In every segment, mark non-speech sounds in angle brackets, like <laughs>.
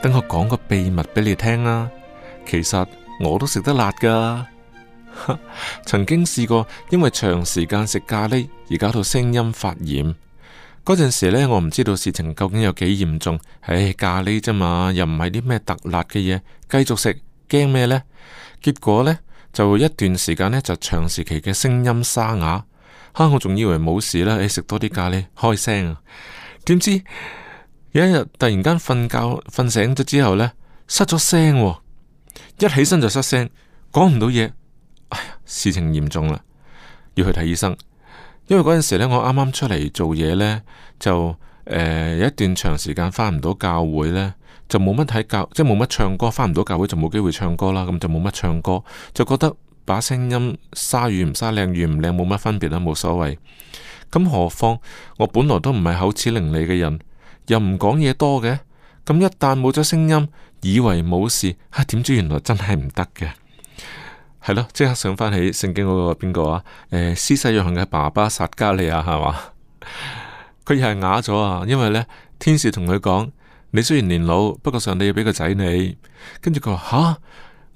等我講個秘密俾你聽啊！其實我都食得辣噶， <laughs> 曾經試過因為長時間食咖喱而搞到聲音發炎。嗰陣時呢，我唔知道事情究竟有幾嚴重。唉、哎，咖喱啫嘛，又唔係啲咩特辣嘅嘢，繼續食驚咩呢？結果呢，就一段時間呢，就長時期嘅聲音沙啞。哈，我仲以為冇事啦，你、哎、食多啲咖喱開聲啊？點知？有一日突然間瞓覺瞓醒咗之後呢，失咗聲，哦，一起身就失聲，講唔到嘢。哎呀，事情嚴重啦，要去睇醫生。因為嗰陣時呢，我啱啱出嚟做嘢呢，就有、呃、一段長時間返唔到教會呢，就冇乜睇教，即係冇乜唱歌，返唔到教會就冇機會唱歌啦。咁就冇乜唱歌，就覺得把聲音沙軟唔沙靚，軟唔靚冇乜分別啦，冇所謂。咁何況我本來都唔係口齒伶俐嘅人。又唔講嘢多嘅，咁一旦冇咗聲音，以為冇事，吓、啊、點知原來真係唔得嘅，係咯，即刻想翻起聖經嗰個邊個啊？誒，施洗約翰嘅爸爸撒加利亞係嘛？佢又係啞咗啊，因為呢，天使同佢講：你雖然年老，不過上帝要畀個仔你。跟住佢話：吓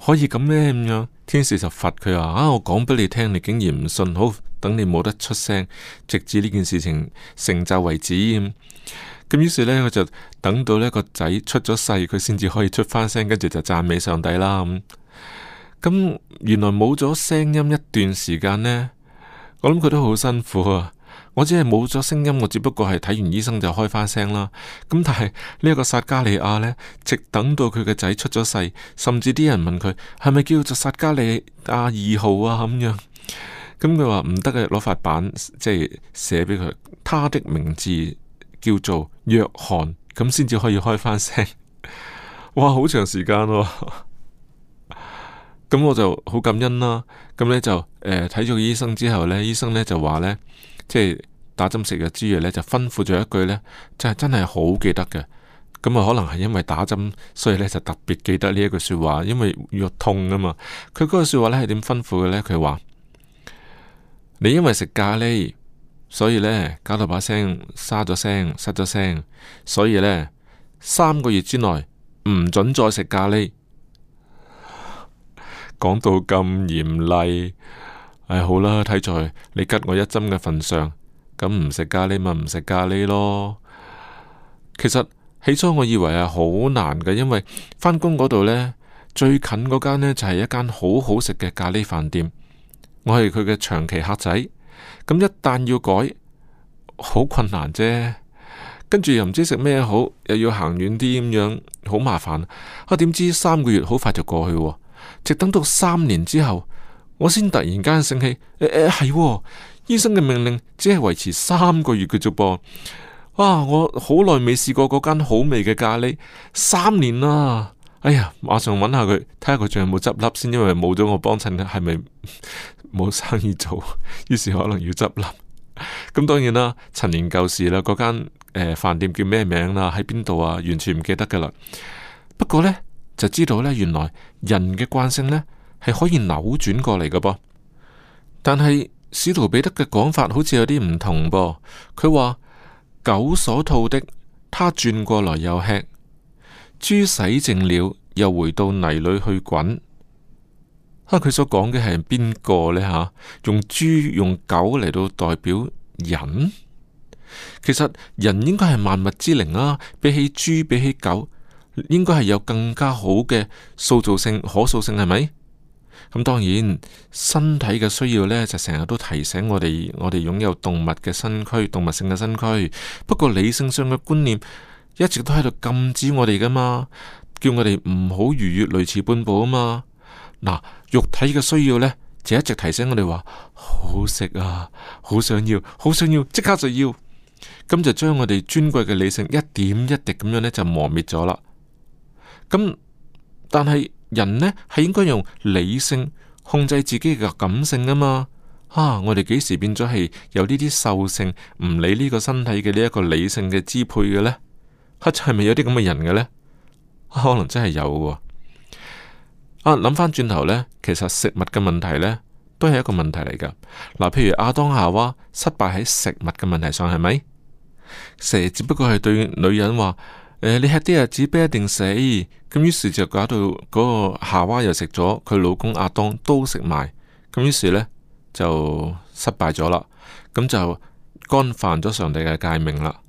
可以咁咩？咁樣，天使就罰佢話啊！啊，我講俾你聽，你竟然唔信，好等你冇得出聲，直至呢件事情成就為止。咁於是呢，佢就等到呢個仔出咗世，佢先至可以出翻聲，跟住就讚美上帝啦。咁、嗯，咁原來冇咗聲音一段時間呢，我諗佢都好辛苦啊。我只係冇咗聲音，我只不過係睇完醫生就開翻聲啦。咁、嗯、但係呢一個撒加利亞呢，直等到佢個仔出咗世，甚至啲人問佢係咪叫做撒加利亞二號啊咁樣。咁佢話唔得嘅，攞塊板即係寫俾佢，他的名字叫做。約翰，咁先至可以開翻聲，哇！好長時間喎、啊，咁 <laughs> 我就好感恩啦。咁呢就誒睇咗醫生之後呢，醫生呢就話呢，即係打針食藥之餘呢，就吩咐咗一句呢，即係真係好記得嘅。咁啊，可能係因為打針，所以呢就特別記得呢一句說話，因為藥痛啊嘛。佢嗰句說話呢係點吩咐嘅呢？佢話你因為食咖喱，所以呢，搞到把聲沙咗聲，失咗聲。所以呢，三個月之內唔准再食咖喱。講到咁嚴厲，唉、哎，好啦，睇在你吉我一針嘅份上，咁唔食咖喱咪唔食咖喱咯。其實起初我以為係好難嘅，因為返工嗰度呢，最近嗰間呢就係、是、一間好好食嘅咖喱飯店，我係佢嘅長期客仔。咁一旦要改，好困難啫。跟住又唔知食咩好，又要行遠啲咁樣，好麻煩。我、啊、點知三個月好快就過去，直等到三年之後，我先突然間醒起，誒誒係，醫生嘅命令只係維持三個月嘅啫噃。啊，我好耐未試過嗰間好味嘅咖喱，三年啦。哎呀，馬上揾下佢，睇下佢仲有冇執笠先，因為冇咗我幫襯，係咪冇生意做？於是可能要執笠。咁 <laughs> 當然啦，陳年舊事啦，嗰間誒飯店叫咩名啦，喺邊度啊，完全唔記得噶啦。不過呢，就知道呢，原來人嘅慣性呢係可以扭轉過嚟噶噃。但係使徒彼得嘅講法好似有啲唔同噃，佢話狗所吐的，他轉過來又吃。豬洗淨了，又回到泥裏去滾。啊，佢所講嘅係邊個呢？吓、啊，用豬用狗嚟到代表人，其實人應該係萬物之靈啦、啊。比起豬，比起狗，應該係有更加好嘅塑造性、可塑性，係咪？咁、啊、當然，身體嘅需要呢，就成日都提醒我哋，我哋擁有動物嘅身軀、動物性嘅身軀。不過理性上嘅觀念。一直都喺度禁止我哋噶嘛，叫我哋唔好逾越雷池半步啊嘛。嗱、啊，肉體嘅需要呢，就一直提醒我哋話：好食啊，好想要，好想要，即刻就要。咁就將我哋尊貴嘅理性一點一滴咁樣呢，就磨滅咗啦。咁，但係人呢，係應該用理性控制自己嘅感性噶嘛。啊，我哋幾時變咗係有呢啲獸性，唔理呢個身體嘅呢一個理性嘅支配嘅呢？係咪、啊、有啲咁嘅人嘅呢？可能真係有的啊。啊，諗翻轉頭呢，其實食物嘅問題呢，都係一個問題嚟噶。嗱、啊，譬如亞當夏娃失敗喺食物嘅問題上，係咪蛇只不過係對女人話、呃，你吃啲日子不一定死。咁於是就搞到嗰個夏娃又食咗，佢老公亞當都食埋。咁於是呢，就失敗咗啦。咁就干犯咗上帝嘅誡命啦。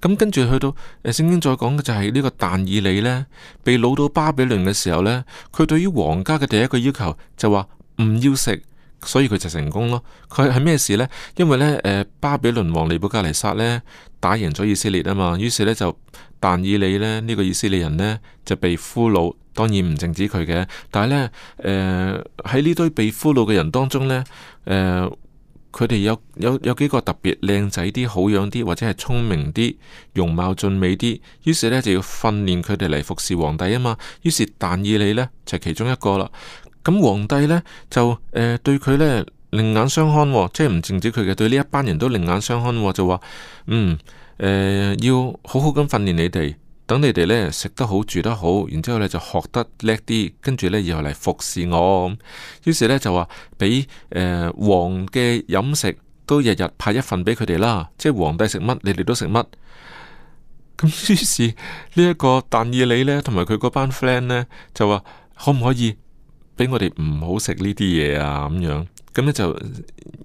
咁跟住去到誒聖經再講嘅就係呢個但以理呢，被擄到巴比倫嘅時候呢，佢對於皇家嘅第一個要求就話唔要食，所以佢就成功咯。佢係咩事呢？因為呢，巴比倫王尼布甲尼撒呢打贏咗以色列啊嘛，於是呢，就但以理咧呢、呢個以色列人呢就被俘虜，當然唔淨止佢嘅，但係呢，誒喺呢堆被俘虜嘅人當中呢。誒、呃。佢哋有有有幾個特別靚仔啲、好樣啲或者係聰明啲、容貌俊美啲，於是呢就要訓練佢哋嚟服侍皇帝啊嘛。於是但以理呢，就係其中一個啦。咁皇帝呢，就誒、呃、對佢呢另眼相看喎，即係唔淨止佢嘅對呢一班人都另眼相看喎，就話嗯誒、呃、要好好咁訓練你哋。等你哋呢食得好住得好，然之後咧就學得叻啲，跟住咧又嚟服侍我。於是呢就話俾誒，皇嘅飲食都日日派一份俾佢哋啦，即係皇帝食乜，你哋都食乜。咁於是、這個、呢一個但以理咧，同埋佢嗰班 friend 呢，就話可唔可以俾我哋唔好食呢啲嘢啊？咁樣。咁呢就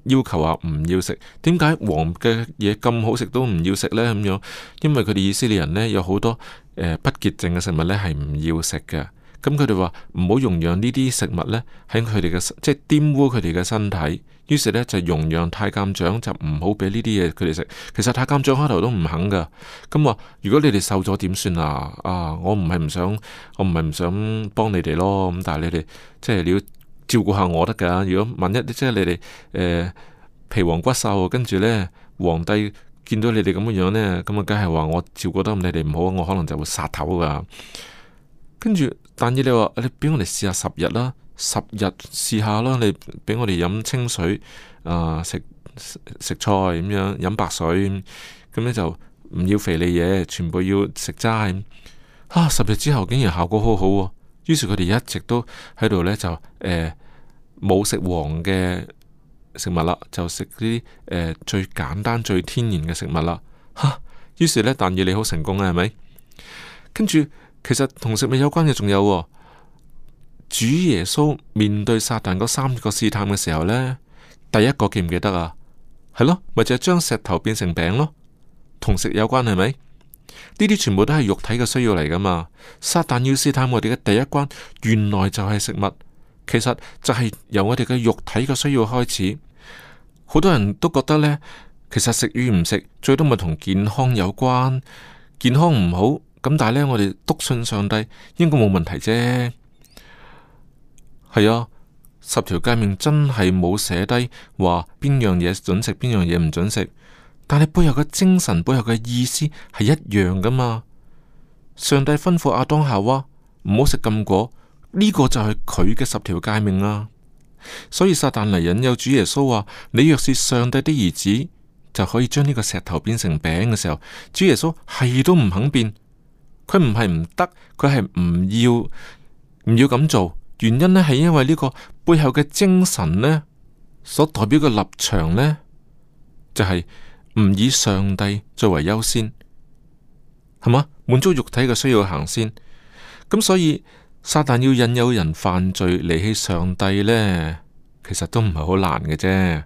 要求話唔要食，點解黃嘅嘢咁好食都唔要食呢？咁樣，因為佢哋以色列人呢，有好多誒、呃、不潔淨嘅食物呢，係唔要食嘅。咁佢哋話唔好容讓呢啲食物呢，喺佢哋嘅，即係玷污佢哋嘅身體。於是呢，就容讓太監長就唔好俾呢啲嘢佢哋食。其實太監長開頭都唔肯噶，咁話如果你哋瘦咗點算啊？啊，我唔係唔想，我唔係唔想幫你哋咯。咁但係你哋即係你要。照顧下我得噶，如果萬一即係你哋誒、呃、皮黃骨瘦，跟住咧皇帝見到你哋咁嘅樣咧，咁啊梗係話我照顧得咁你哋唔好，我可能就會殺頭噶。跟住，但係你話你俾我哋試下十日啦，十日試下啦，你俾我哋飲清水啊、呃，食食菜咁樣，飲白水，咁咧就唔要肥膩嘢，全部要食齋。啊，十日之後竟然效果好好喎。於是佢哋一直都喺度呢，就誒冇食黃嘅食物啦，就食啲誒最簡單最天然嘅食物啦。吓，於是呢，但以理好成功啊，係咪？跟住其實同食物有關嘅仲有，哦，主耶穌面對撒旦嗰三個試探嘅時候呢，第一個記唔記得啊？係咯，咪就係、是、將石頭變成餅咯，同食有關係咪？呢啲全部都係肉體嘅需要嚟噶嘛？撒旦要試探我哋嘅第一關，原來就係食物，其實就係由我哋嘅肉體嘅需要開始。好多人都覺得呢，其實食與唔食，最多咪同健康有關，健康唔好咁，但係呢，我哋篤信上帝，應該冇問題啫。係啊，十條誡命真係冇寫低話邊樣嘢準食，邊樣嘢唔準食。但係背後嘅精神，背後嘅意思係一樣噶嘛？上帝吩咐亞當夏娃唔好食禁果，呢、這個就係佢嘅十條誡命啦、啊。所以撒旦嚟引誘主耶穌話：你若是上帝的兒子，就可以將呢個石頭變成餅嘅時候，主耶穌係都唔肯變。佢唔係唔得，佢係唔要，唔要咁做。原因呢係因為呢個背後嘅精神呢所代表嘅立場呢，就係、是。唔以上帝作為優先，係嘛？滿足肉體嘅需要行先。咁所以，撒旦要引誘人犯罪、離棄上帝呢，其實都唔係好難嘅啫。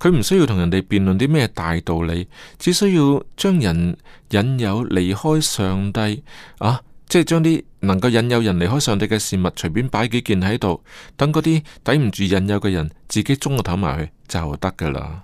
佢唔需要同人哋辯論啲咩大道理，只需要將人引誘離開上帝啊，即係將啲能夠引誘人離開上帝嘅事物隨便擺幾件喺度，等嗰啲抵唔住引誘嘅人自己中個頭埋去就得噶啦。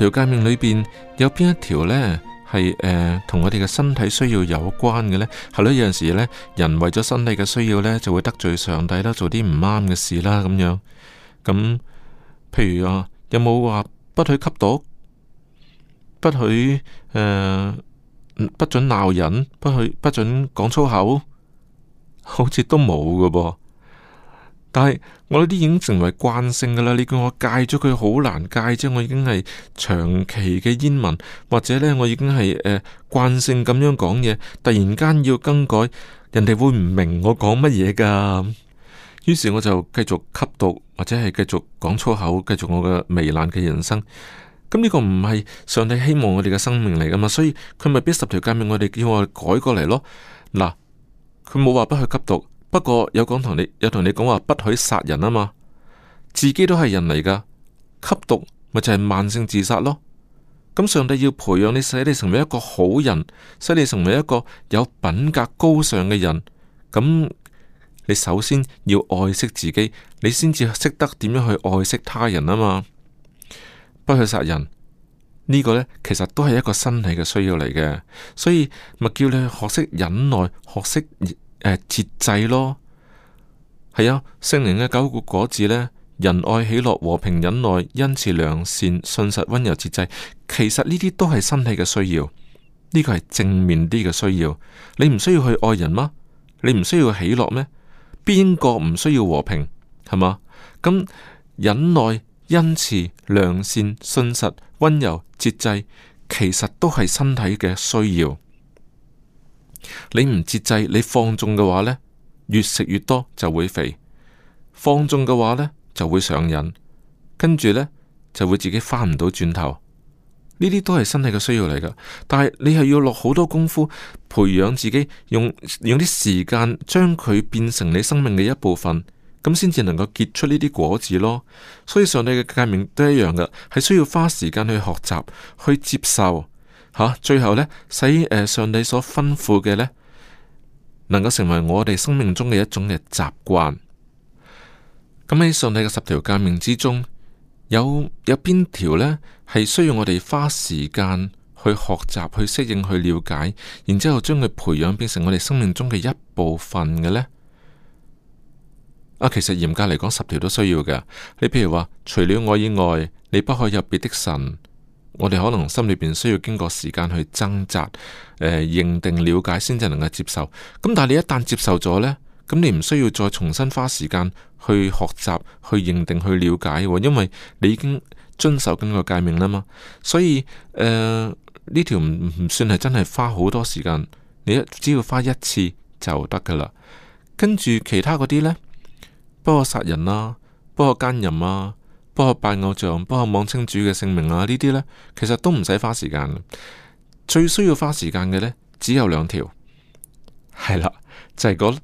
條界面裏邊有邊一條咧係誒同我哋嘅身體需要有關嘅咧？後屘有陣時咧，人為咗身體嘅需要咧，就會得罪上帝啦，做啲唔啱嘅事啦咁樣。咁譬如啊，有冇話不許吸毒，不許誒，不准鬧人，不許不准講粗口，好似都冇㗎噃。但係我呢啲已經成為慣性噶啦，你叫我戒咗佢好難戒啫，即我已經係長期嘅煙民，或者呢，我已經係誒、呃、慣性咁樣講嘢，突然間要更改，人哋會唔明我講乜嘢噶？於是我就繼續吸毒，或者係繼續講粗口，繼續我嘅糜爛嘅人生。咁呢個唔係上帝希望我哋嘅生命嚟噶嘛？所以佢咪俾十條誡命，我哋叫我改過嚟咯。嗱，佢冇話不去吸毒。不過有講同你有同你講話不許殺人啊嘛，自己都係人嚟噶，吸毒咪就係慢性自殺咯。咁上帝要培養你，使你成為一個好人，使你成為一個有品格高尚嘅人。咁你首先要愛惜自己，你先至識得點樣去愛惜他人啊嘛。不許殺人，呢個呢其實都係一個身體嘅需要嚟嘅，所以咪叫你去學識忍耐，學識。誒，節制咯，係啊，聖靈嘅九個果，果子呢：「仁愛、喜樂、和平、忍耐、恩慈、良善、信實、温柔、節制」，其實呢啲都係身體嘅需要，呢個係正面啲嘅需要。你唔需要去愛人嗎？你唔需要喜樂咩？邊個唔需要和平？係嘛？咁忍耐、恩慈、良善、信實、温柔、節制，其實都係身體嘅需要。你唔節制，你放縱嘅話呢，越食越多就會肥；放縱嘅話呢，就會上癮，跟住呢，就會自己返唔到轉頭。呢啲都係身體嘅需要嚟噶，但係你係要落好多功夫培養自己，用用啲時間將佢變成你生命嘅一部分，咁先至能夠結出呢啲果子咯。所以上帝嘅誡命都一樣嘅，係需要花時間去學習、去接受。吓、啊，最後呢，使誒，上帝所吩咐嘅呢，能夠成為我哋生命中嘅一種嘅習慣。咁喺上帝嘅十條誡命之中，有有邊條呢係需要我哋花時間去學習、去適應、去了解，然之後將佢培養變成我哋生命中嘅一部分嘅呢？啊，其實嚴格嚟講，十條都需要嘅。你譬如話，除了我以外，你不可入別的神。我哋可能心裏邊需要經過時間去掙扎、誒、呃、認定、了解，先至能夠接受。咁但係你一旦接受咗呢，咁你唔需要再重新花時間去學習、去認定、去了解，因為你已經遵守緊個誡命啦嘛。所以呢、呃、條唔唔算係真係花好多時間，你一只要花一次就得噶啦。跟住其他嗰啲呢，包括殺人啦、啊，包括奸淫啊。不可拜偶像，不可妄稱主嘅姓名啦。呢啲呢，其實都唔使花時間。最需要花時間嘅呢，只有兩條，係啦，就係、是、嗰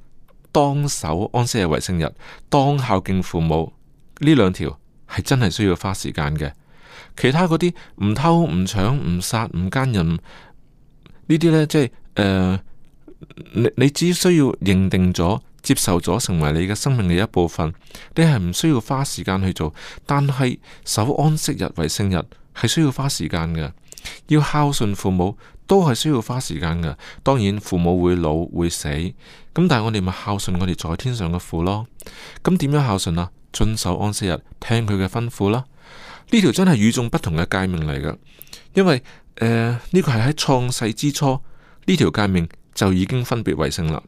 當守安息日、為聖日，當孝敬父母呢兩條，係真係需要花時間嘅。其他嗰啲唔偷唔搶唔殺唔奸人呢啲呢，即係誒，你你只需要認定咗。接受咗成為你嘅生命嘅一部分，你係唔需要花時間去做。但係守安息日為聖日係需要花時間嘅，要孝順父母都係需要花時間嘅。當然父母會老會死，咁但係我哋咪孝順我哋在天上嘅父咯。咁點樣孝順啊？遵守安息日，聽佢嘅吩咐啦。呢條真係與眾不同嘅誡命嚟㗎，因為誒呢，呃這個係喺創世之初，呢條誡命就已經分別為聖啦。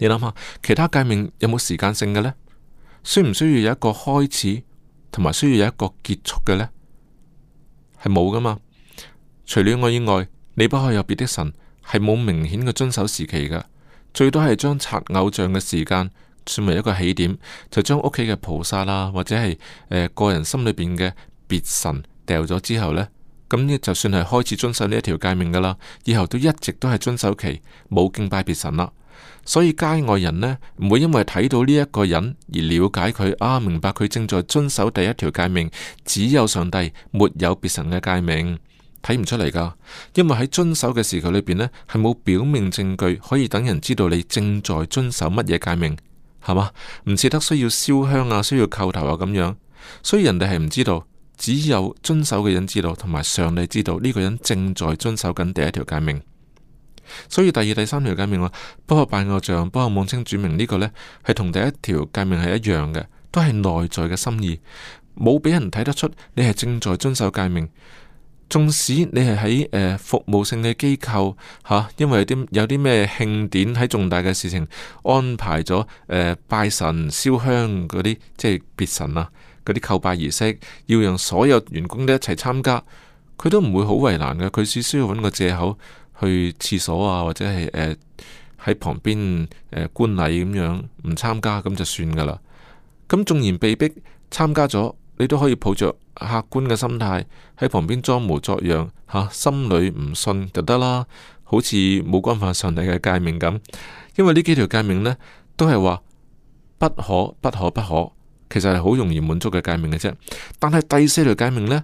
你諗下，其他界面有冇時間性嘅呢？需唔需要有一個開始，同埋需要有一個結束嘅呢？係冇噶嘛？除了我以外，你不可有別的神，係冇明顯嘅遵守時期嘅。最多係將拆偶像嘅時間算為一個起點，就將屋企嘅菩薩啦、啊，或者係誒、呃、個人心裏邊嘅別神掉咗之後呢。咁呢就算係開始遵守呢一條界面噶啦。以後都一直都係遵守期冇敬拜別神啦。所以街外人呢，唔會因為睇到呢一個人而了解佢啊，明白佢正在遵守第一條誡命，只有上帝沒有別神嘅誡命，睇唔出嚟噶。因為喺遵守嘅時候裏邊呢，係冇表面證據可以等人知道你正在遵守乜嘢誡命，係嘛？唔似得需要燒香啊，需要叩頭啊咁樣。所以人哋係唔知道，只有遵守嘅人知道，同埋上帝知道呢個人正在遵守緊第一條誡命。所以第二、第三條誡命話，包括拜偶像、包括妄稱主名呢個呢，係同第一條誡命係一樣嘅，都係內在嘅心意，冇俾人睇得出你係正在遵守誡命。縱使你係喺服務性嘅機構吓、啊，因為有啲有啲咩慶典喺重大嘅事情安排咗、呃、拜神、燒香嗰啲，即係別神啊，嗰啲叩拜儀式，要讓所有員工都一齊參加，佢都唔會好為難嘅，佢只需要揾個借口。去廁所啊，或者係誒喺旁邊誒、呃、觀禮咁樣唔參加咁就算噶啦。咁縱然被逼參加咗，你都可以抱着客觀嘅心態喺旁邊裝模作樣吓、啊，心裏唔信就得啦。好似冇干犯上帝嘅誡命咁，因為呢幾條誡命呢，都係話不可不可不可，其實係好容易滿足嘅誡命嘅啫。但係第四條誡命呢？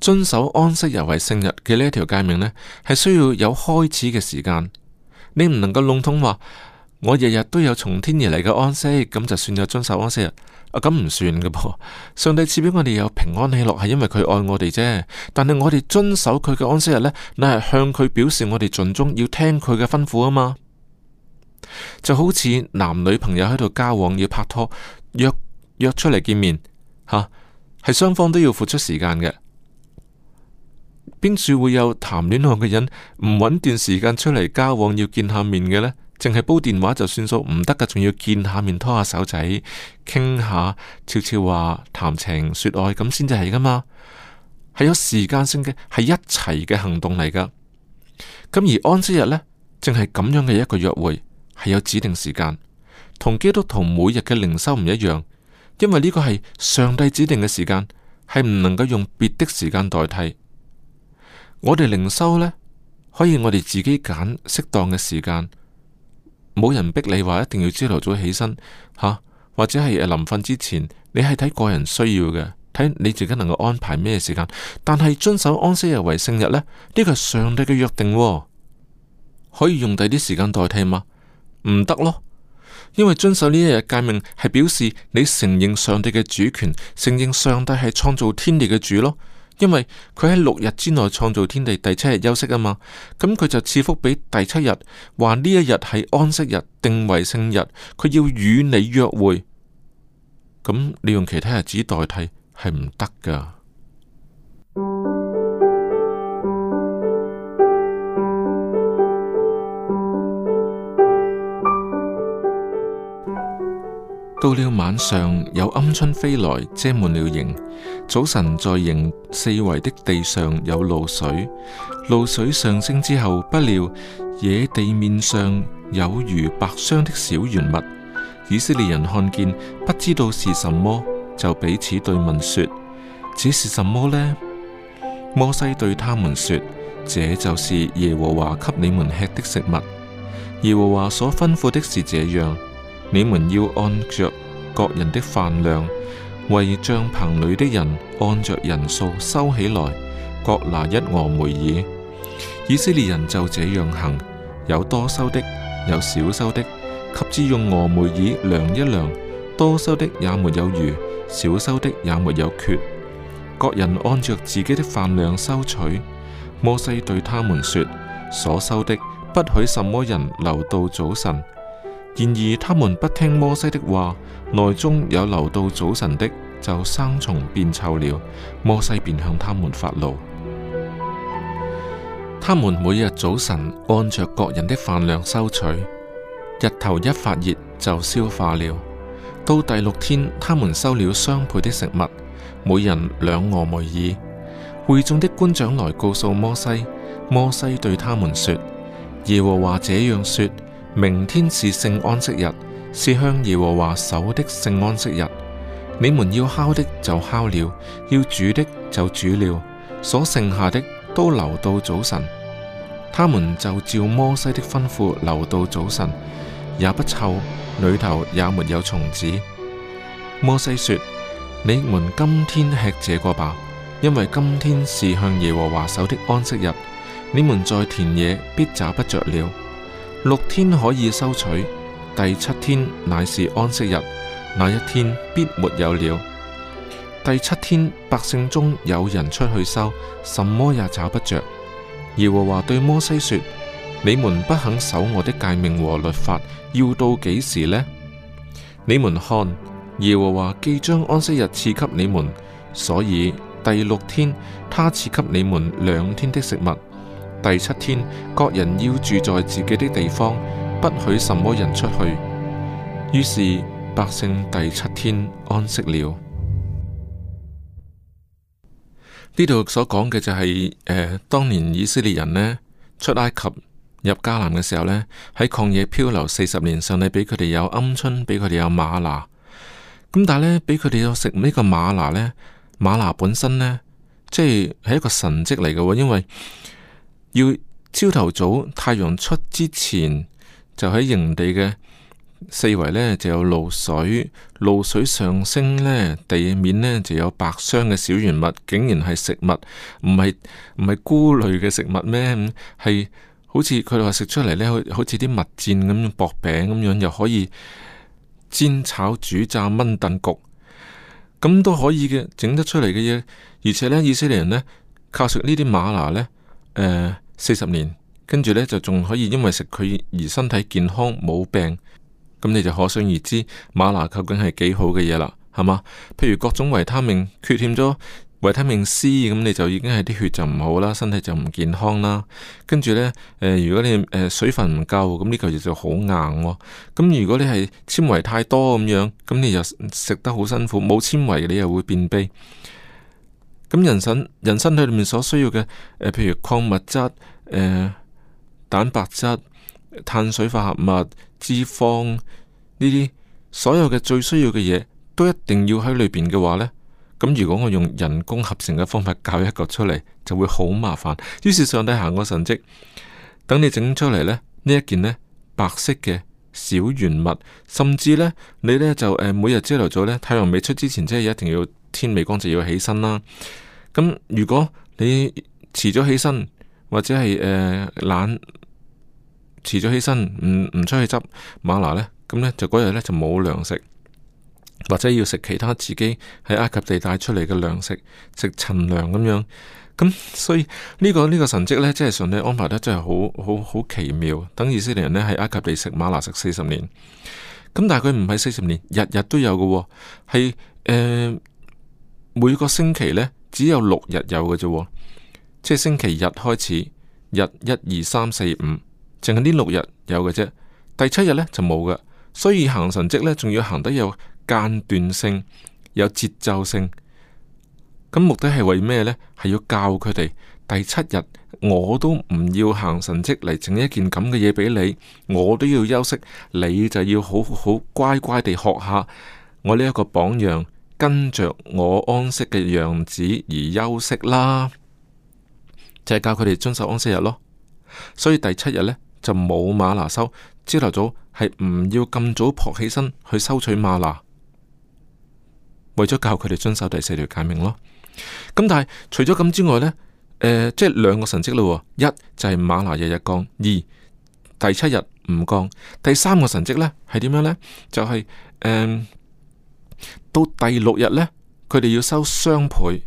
遵守安息日為聖日嘅呢一條誡命呢，係需要有開始嘅時間。你唔能夠籠統話，我日日都有從天而嚟嘅安息，咁就算有遵守安息日啊，咁唔算嘅噃。上帝賜俾我哋有平安喜樂，係因為佢愛我哋啫。但係我哋遵守佢嘅安息日呢，你係向佢表示我哋盡忠，要聽佢嘅吩咐啊嘛。就好似男女朋友喺度交往，要拍拖約約出嚟見面吓，係雙方都要付出時間嘅。邊處會有談戀愛嘅人唔搵段時間出嚟交往，要見下面嘅呢？淨係煲電話就算數，唔得噶，仲要見下面拖下手仔傾下悄悄話，談情說愛咁先至係噶嘛？係有時間性嘅，係一齊嘅行動嚟噶。咁而安息日呢，淨係咁樣嘅一個約會，係有指定時間，同基督徒每日嘅靈修唔一樣，因為呢個係上帝指定嘅時間，係唔能夠用別的時間代替。我哋靈修呢，可以我哋自己揀適當嘅時間，冇人逼你話一定要朝頭早起身吓，啊，或者係誒臨瞓之前，你係睇個人需要嘅，睇你自己能夠安排咩時間。但係遵守安息日為聖日呢，呢個係上帝嘅約定，哦，可以用第啲時間代替嗎？唔得咯，因為遵守呢一日誡命係表示你承認上帝嘅主權，承認上帝係創造天地嘅主咯。因為佢喺六日之內創造天地，第七日休息啊嘛，咁佢就賜福俾第七日，話呢一日係安息日，定為聖日，佢要與你約會，咁你用其他日子代替係唔得㗎。 <noise> 到了晚上，有鵪鶉飛來，遮滿了營。早晨在營四圍的地上有露水，露水上升之後，不料野地面上有如白霜的小圓物。以色列人看見，不知道是什麼，就彼此對問說：這是什麼呢？摩西對他們說：這就是耶和華給你們吃的食物。耶和華所吩咐的是這樣。你們要按着各人的飯量，為帳棚裏的人按着人數收起來，各拿一俄梅爾。以色列人就這樣行，有多收的，有少收的，及至用俄梅爾量一量，多收的也沒有餘，少收的也沒有缺。各人按着自己的飯量收取。摩西對他們說：所收的不許什麼人留到早晨。然而他們不聽摩西的話，內中有留到早晨的，就生蟲變臭了。摩西便向他們發怒。他們每日早晨按着各人的飯量收取，日頭一發熱就消化了。到第六天，他們收了雙倍的食物，每人兩俄梅爾。會眾的官長來告訴摩西，摩西對他們說：耶和華這樣說。明天是聖安息日，是向耶和華守的聖安息日。你們要烤的就烤了，要煮的就煮了，所剩下的都留到早晨。他們就照摩西的吩咐留到早晨，也不臭，裏頭也沒有蟲子。摩西說：你們今天吃這個吧，因為今天是向耶和華守的安息日，你們在田野必找不着了。六天可以收取，第七天乃是安息日，那一天必沒有了。第七天百姓中有人出去收，什麼也找不着。耶和華對摩西說：你們不肯守我的誡命和律法，要到幾時呢？你們看，耶和華既將安息日賜給你們，所以第六天他賜給你們兩天的食物。第七天，各人要住在自己的地方，不許什麼人出去。於是百姓第七天安息了。呢度所講嘅就係、是，誒、呃，當年以色列人呢出埃及入迦南嘅時候呢，喺曠野漂流四十年上，上帝俾佢哋有鵪鶉，俾佢哋有瑪拿。咁但係呢，俾佢哋有食呢個瑪拿呢？瑪拿本身呢，即係係一個神蹟嚟嘅喎，因為。.要朝頭早太陽出之前，就喺營地嘅四圍呢就有露水，露水上升呢，地面呢就有白霜嘅小圓物，竟然係食物，唔係唔係菇類嘅食物咩？係好似佢哋話食出嚟呢，好似啲麥煎咁薄餅咁樣，又可以煎炒煮炸炆燉焗，咁都可以嘅整得出嚟嘅嘢，而且呢，以色列人呢，靠食呢啲嗎哪呢。誒、呃。四十年，跟住呢就仲可以因為食佢而身體健康冇病，咁你就可想而知馬拿究竟係幾好嘅嘢啦，係嘛？譬如各種維他命缺欠咗維他命 C，咁你就已經係啲血就唔好啦，身體就唔健康啦。跟住呢，誒、呃、如果你誒水分唔夠，咁呢嚿嘢就好硬喎、哦。咁如果你係纖維太多咁樣，咁你又食得好辛苦。冇纖維你又會便秘。咁人身人身體裏面所需要嘅誒、呃，譬如礦物質、誒、呃、蛋白質、碳水化合物、脂肪呢啲所有嘅最需要嘅嘢，都一定要喺裏邊嘅話咧，咁如果我用人工合成嘅方法搞一個出嚟，就會好麻煩。於是上帝行個神蹟，等你整出嚟咧，呢一件咧白色嘅。小穀物，甚至呢，你呢就誒、呃、每日朝頭早呢，太陽未出之前，即係一定要天未光就要起身啦。咁如果你遲咗起身，或者係誒懶遲咗起身，唔唔出去執馬拿呢咁呢，就嗰日呢就冇糧食，或者要食其他自己喺埃及地帶出嚟嘅糧食，食陳糧咁樣。咁、嗯、所以呢、呢個呢、呢個神蹟呢，即係上帝安排得真係好好好奇妙。等以色列人呢，喺埃及地食瑪拿食四十年，咁但係佢唔係四十年，日日都有嘅、哦，係誒、呃、每個星期呢，只有六日有嘅啫、哦，即係星期日開始日一二三四五，淨係呢六日有嘅啫，第七日呢，就冇嘅。所以行神蹟呢，仲要行得有間斷性，有節奏性。咁目的係為咩呢？係要教佢哋第七日我都唔要行神蹟嚟，整一件咁嘅嘢俾你，我都要休息，你就要好好乖乖地學下我呢一個榜樣，跟着我安息嘅樣子而休息啦，就係教佢哋遵守安息日咯。所以第七日呢，就冇馬拿收，朝頭早係唔要咁早撲起身去收取馬拿，為咗教佢哋遵守第四條誡命咯。咁但係除咗咁之外咧，誒，即係兩個神迹嘞，一就係瑪拿日日降，二第七日唔降。第三個神蹟咧係點樣咧？就係誒，到第六日咧，佢哋要收雙倍。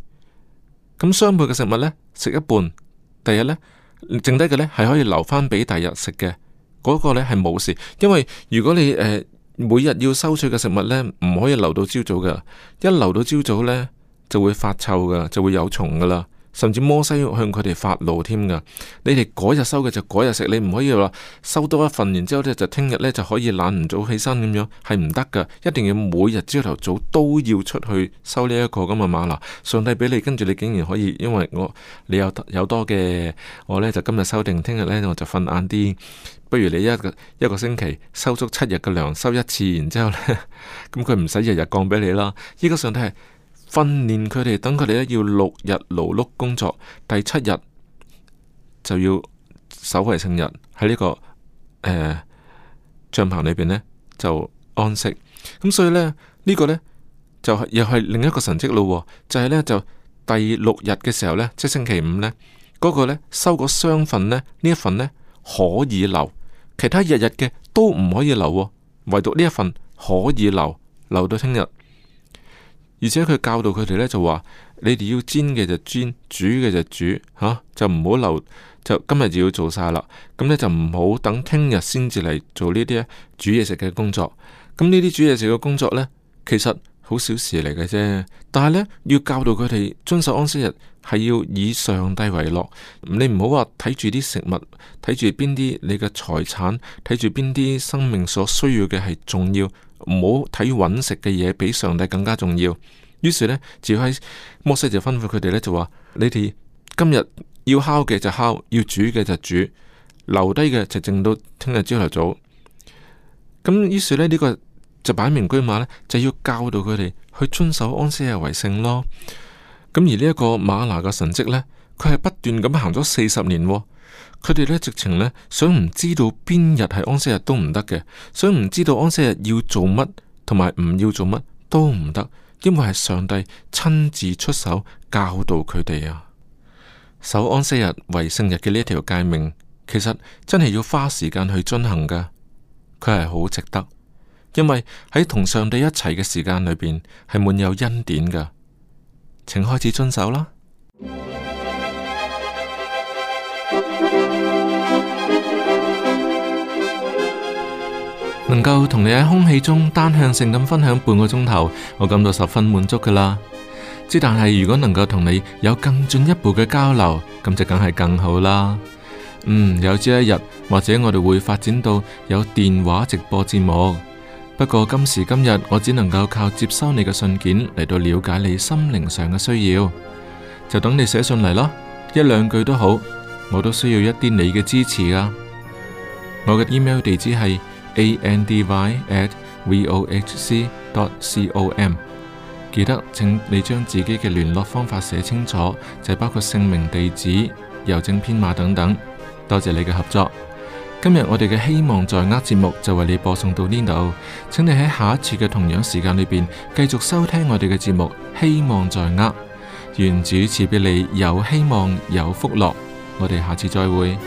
咁雙倍嘅食物咧，食一半，第日咧剩低嘅咧係可以留翻俾第日食嘅嗰個咧係冇事，因為如果你誒每日要收取嘅食物咧唔可以留到朝早嘅，一留到朝早咧。就會發臭噶，就會有蟲噶啦，甚至摩西向佢哋發怒添噶。你哋嗰日收嘅就嗰日食，你唔可以話收多一份，然之後咧就聽日呢就可以懶唔早起身咁樣，係唔得噶。一定要每日朝頭早都要出去收呢一個噶嘛。嗱，上帝俾你，跟住你竟然可以，因為我你有有多嘅，我呢就今日收定，聽日呢我就瞓晏啲。不如你一個一個星期收足七日嘅糧收一次，然之後咧咁佢唔使日日降俾你啦。依個上帝。訓練佢哋，等佢哋咧，要六日勞碌工作，第七日就要守為聖日，喺呢個誒帳篷裏邊咧就安息。咁所以咧呢個咧就係又係另一個神蹟咯。就係咧就第六日嘅時候咧，即係星期五咧，嗰個咧收個雙份咧呢一份咧可以留，其他日日嘅都唔可以留，唯獨呢一份可以留，留到聽日。而且佢教導佢哋呢，就話你哋要煎嘅就煎，煮嘅就煮，吓、啊、就唔好留，就今日就要做晒啦。咁咧就唔好等聽日先至嚟做呢啲煮嘢食嘅工作。咁呢啲煮嘢食嘅工作呢，其實好小事嚟嘅啫。但係呢，要教導佢哋遵守安息日，係要以上帝為樂。你唔好話睇住啲食物，睇住邊啲你嘅財產，睇住邊啲生命所需要嘅係重要。唔好睇搵食嘅嘢，比上帝更加重要。於是呢，只要喺摩西就吩咐佢哋呢，就話：你哋今日要烤嘅就烤，要煮嘅就煮，留低嘅就剩到聽日朝頭早。咁於是呢，呢、這個就擺明車馬呢，就要教導佢哋去遵守安息日為聖咯。咁而呢一個馬拿嘅神跡呢，佢係不斷咁行咗四十年。佢哋呢直情呢，想唔知道邊日係安息日都唔得嘅，想唔知道安息日要做乜同埋唔要做乜都唔得，因為係上帝親自出手教導佢哋啊！守安息日為聖日嘅呢一條誡命，其實真係要花時間去遵行噶，佢係好值得，因為喺同上帝一齊嘅時間裏邊係滿有恩典噶，請開始遵守啦。能夠同你喺空氣中單向性咁分享半個鐘頭，我感到十分滿足㗎喇。之但係，如果能夠同你有更進一步嘅交流，咁就梗係更好啦。嗯，有朝一日或者我哋會發展到有電話直播節目。不過今時今日，我只能夠靠接收你嘅信件嚟到了解你心靈上嘅需要。就等你寫信嚟咯，一兩句都好，我都需要一啲你嘅支持啊。我嘅 email 地址係。Andy at vohc dot com，記得請你將自己嘅聯絡方法寫清楚，就包括姓名、地址、郵政編碼等等。多謝你嘅合作。今日我哋嘅希望在握節目就為你播送到呢度，請你喺下一次嘅同樣時間裏邊繼續收聽我哋嘅節目。希望在握，願主賜俾你有希望有福樂。我哋下次再會。